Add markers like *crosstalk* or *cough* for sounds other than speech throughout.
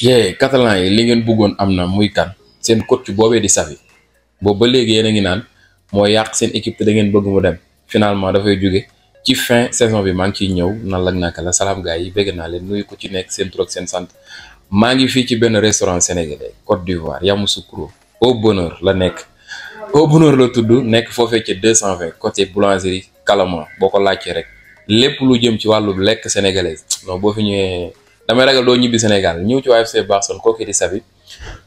yee catalan yi li ngeen bëggoon am na muy kan seen coach boobee di Xavi boobu ba léegi yéen ngi naan moo yàq seen équipe te da ngeen bëgg mu dem finalement dafay jóge ci fin saison bi maa ngi ciy ñëw nan la naka la salaam gars yi bëgg naa leen nuyu ko ci nekk seen tur seen sant maa ngi fii ci benn restaurant sénégalais Côte d'Ivoire Yamoussoukro au bonheur la nekk au bonheur la tudd nekk foo foofee ca 220 côté boulangerie Calama boo ko laajtee rek lépp lu jëm ci wàllu lekk sénégalaise damay ragal doo ñibbi Sénégal ñëw ci AFC Barcelone kooku di Xavi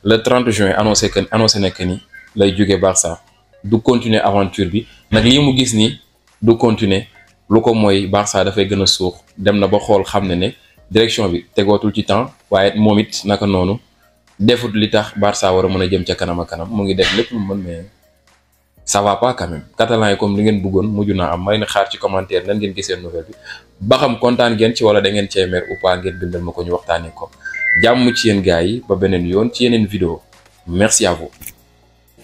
le 30 juin annoncé que annoncé na que ni lay jóge Barça du continuer aventure bi nag li mu gis nii du continuer lu ko mooy Barça dafay gën a suux dem na ba xool xam ne ne direction bi tegootul ci temps waaye moom it naka noonu defut li tax Barça war a mën a jëm ca kanam a kanam mu ngi def lépp lu mën mais. ça va pas quand même catalan yi comme li ngeen bëggoon mujj naa am may na xaar ci commentaire nan ngeen gisee nouvelle bi ba xam kontaan ngeen ci wala da ngeen cee mer ou pas ngeen bindal ma ko ñu waxtaanee ko jàmm ci yéen gaa yi ba beneen yoon ci yeneen vidéo merci à vous.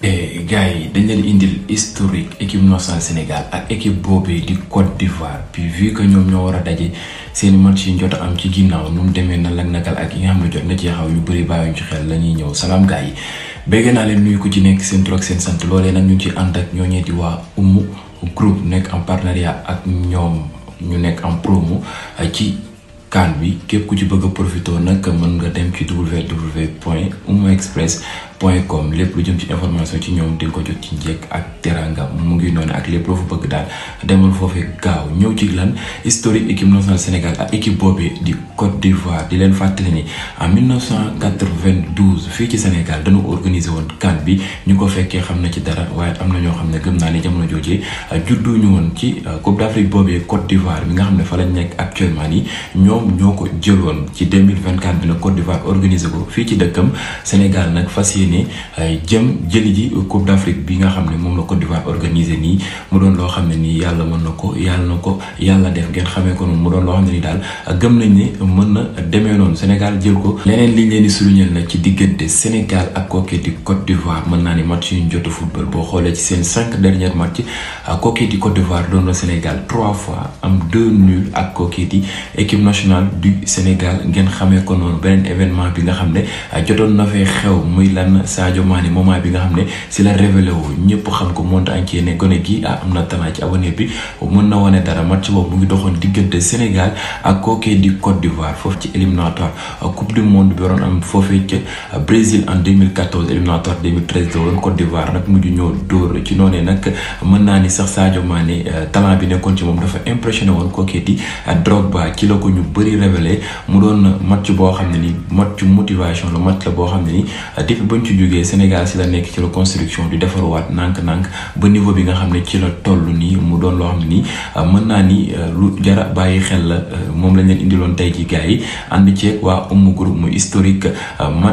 Eh, gars yi dañ leen indil historique équipe nationale Sénégal ak équipe boobee di Côte d'Ivoire puis vu que ñoom ñoo war a daje seen match yi jot am ci ginnaaw nu mu demee na lak nakal ak yi nga xam ne jot na ci xaw yu bëri la ñuy ñëw salaam gars yi. béggee naa leen nuyu ku ci nekk seen tur ak seen sant loolee nag ñu ngi ci ànd ak ñooñee di waa Oumou groupe nekk en partenariat ak ñoom ñu nekk en promo euh, ci kaan bi képp ku ci bëgg a profité nag mën nga dem ci www point oumouexpress point com lépp lu jëm ci information ci ñoom di nga ko jot ci njëkk ak teranga mu ngi noonu ak lépp loo fa bëgg daal demal foofee gaaw ñëw ci lan historique équipe nationale Sénégal ak équipe boobee di Côte d'Ivoire di leen fàttali ni en 1992 fii ci Sénégal dañu organiser woon CAN bi ñu ko fekkee xam na ci dara waaye am na ñoo xam ne gëm naa ni jamono joojee euh, judduñu woon ci euh, Coupe d'Afrique boobee Côte d'Ivoire bi nga xam ne fa lañ nekk actuellement nii ñoom ñoo ko jëloon ci 2024 bi na Côte d'Ivoire organiser ko fii ci dëkkam Sénégal nag continuer euh, jëm jëli ji Coupe d'Afrique bi nga xam ne moom la Côte d'Ivoire organisé nii mu doon loo xam ne nii yàlla mën na ko yàlla na ko yàlla def ngeen xamee ko noonu mu doon loo xam ne nii daal euh, gëm nañ ne mën na demee noonu Sénégal jël ko leneen liñ leen di souligner na ci diggante Sénégal ak kooku di Côte mën naa ne match jot a football xoolee ci seen cinq derniers matchs euh, kooku di Côte d'Ivoire doon na Sénégal trois fois am deux ak kooku di équipe nationale du xamee ko noonu beneen événement bi nga xam ne jotoon na fee xew muy lan na Sadio Mané moment bi nga xam ne si la révélé wu ñëpp xam ko monde entier ne gone gi ah am na talent ci abonné bi mën na wane dara match boobu mu ngi doxoon diggante Sénégal ak kookee di Côte d'Ivoire foofu ci éliminatoire ah, coupe du monde bi waroon am foofee ca ah, Brésil en 2014 éliminatoire 2013 la woon Côte d'Ivoire nag mujj ñoo dóor ci noonee nag mën naa ni sax Sadio Mané ah, talent bi nekkoon ci moom dafa impressionné woon kookee di Drogba ci la ko ñu bëri révélé mu doon match boo xam ne ni match motivation la match la boo xam ci jógee Sénégal si la nekk ci la construction di defaruwaat nànk-nànk ba niveau bi nga xam ne ci la toll nii mu doon loo xam ne nii euh, mën naa ni euh, lu jara bàyyi xel la euh, moom lañ leen indiloon tey ji gars yi ànd ceeg waa Omo Group mu historique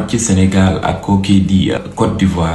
ci Sénégal ak kooku di Côte d'Ivoire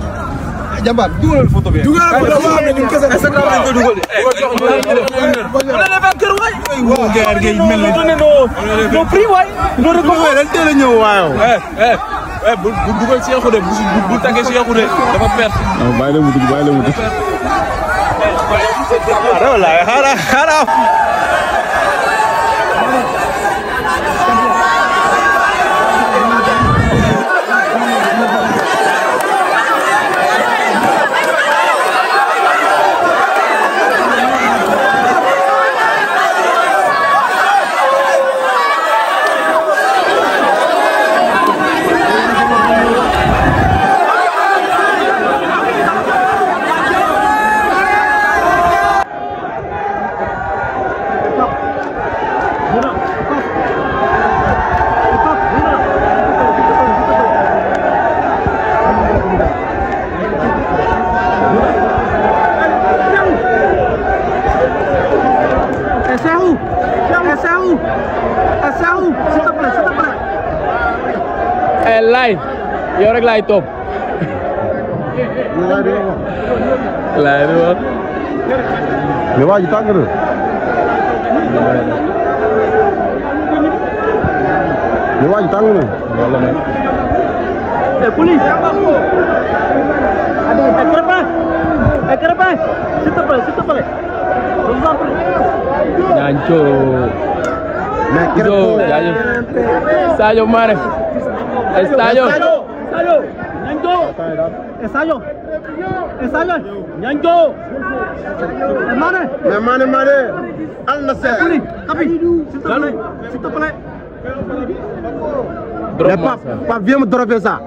jàmbaar dugalal photo bi dugalal photo bi am na ñu kese est-ce que am nañ ko dugal wala la ban kër waay waaw gaar gay mel ni no prix waay do rek ko waay dañ teel a ñëw waaw eh eh eh bu dugal Cheikhou de bu bu tàggee Cheikhou de dafa perte bàyyi la mu dugg bàyyi la mu dugg yow rek laay topp. laay di wax. mais waa ji tàng na. mais waa ji tàng na. eh police. eh Krépin. eh Krépin. s'il te plaît s'il te plaît. je vous en prie. ñaaco. Sadio jaajëf Sadio Mané Sadio Ensayo. Ñanjo. Ensayo. Ensayo. Ñanjo. Mané. Mais Mané Mané. Al Nasser. Kapi. S'il te plaît. S'il te plaît. Mais pas, pas viens me dropper ça.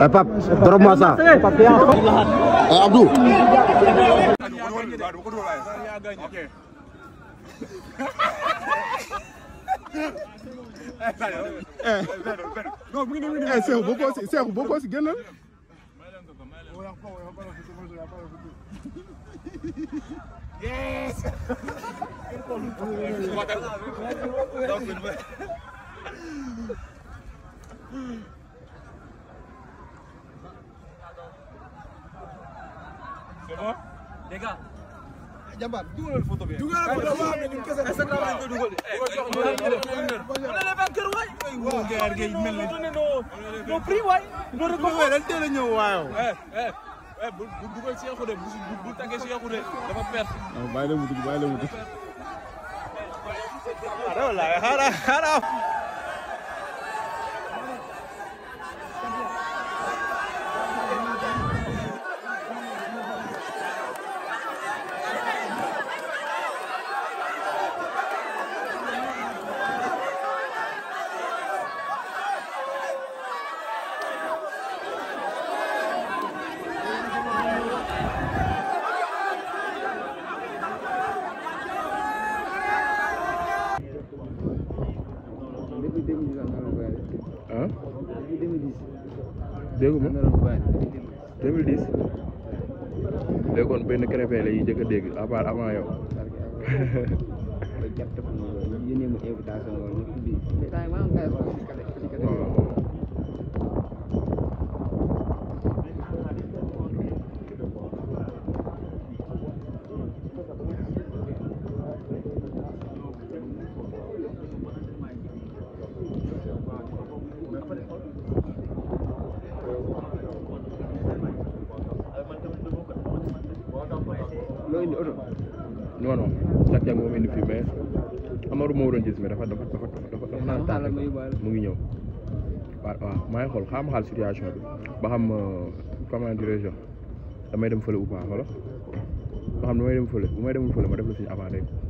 Eh Pape le eh Seexu boo ko si Seexu boo ko si génnal. Yes. C'est bon Les gars jàmbaar dugalal photo bi dugalal photo bi waaw ñun kese la ñu koy dugal wala le vainqueur waay waaw gerte gi mel na mo prix waay mo rek ko waay dañ teel a ñëw waaw eh eh eh bu dugal Cheikhou de bu tàggee Cheikhou de dafa perte bàyyi la mu dugg bàyyi la mu dugg dégguma 2010 léegi kon benn crépé la ñuy jëkk a dégg à part avant yow. *laughs* *laughs* waaw non non Sa Thiès moom indi fii mais Amadou moo doon mais dafa dafa dafa dafa dafa naan tànn mu ngi ñëw waaw waaw maa ngi xool xam xaal situation bi ba xam euh, comment dirais-je damay dem fële ou pas wala ba xam damay dem fële bu may demul fële ma def la suñu avant rek